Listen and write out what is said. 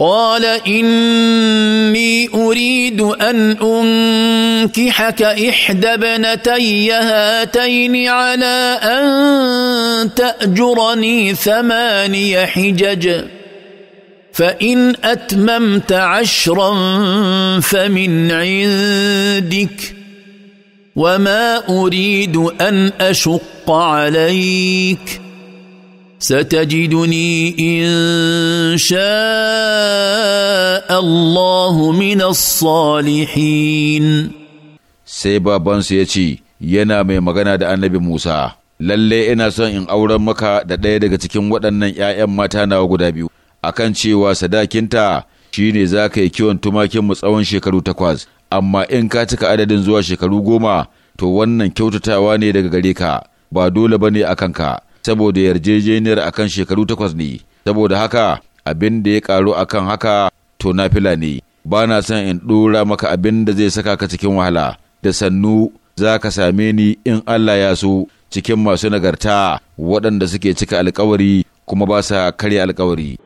قال اني اريد ان انكحك احدى ابنتي هاتين على ان تاجرني ثماني حجج فان اتممت عشرا فمن عندك وما اريد ان اشق عليك ستجدني ان شاء الله من الصالحين sai babansu ya ce yana mai magana da annabi Musa lalle ina son in auren maka da ɗaya daga cikin waɗannan ‘ya'yan mata nawa guda biyu akan cewa sadakinta shine za ka yi kiwon tumakinmu tsawon shekaru takwas amma in ka cika adadin zuwa shekaru goma to wannan kyautatawa ne daga gare ka ba dole ba ne a kanka saboda yarjejeniyar akan shekaru takwas ne saboda haka abin da ya karu akan haka to na fila ne ba na son in ɗora maka abin da zai saka ka cikin wahala da sannu za ka same ni in Allah ya so cikin masu nagarta waɗanda suke cika alkawari kuma ba sa karya alkawari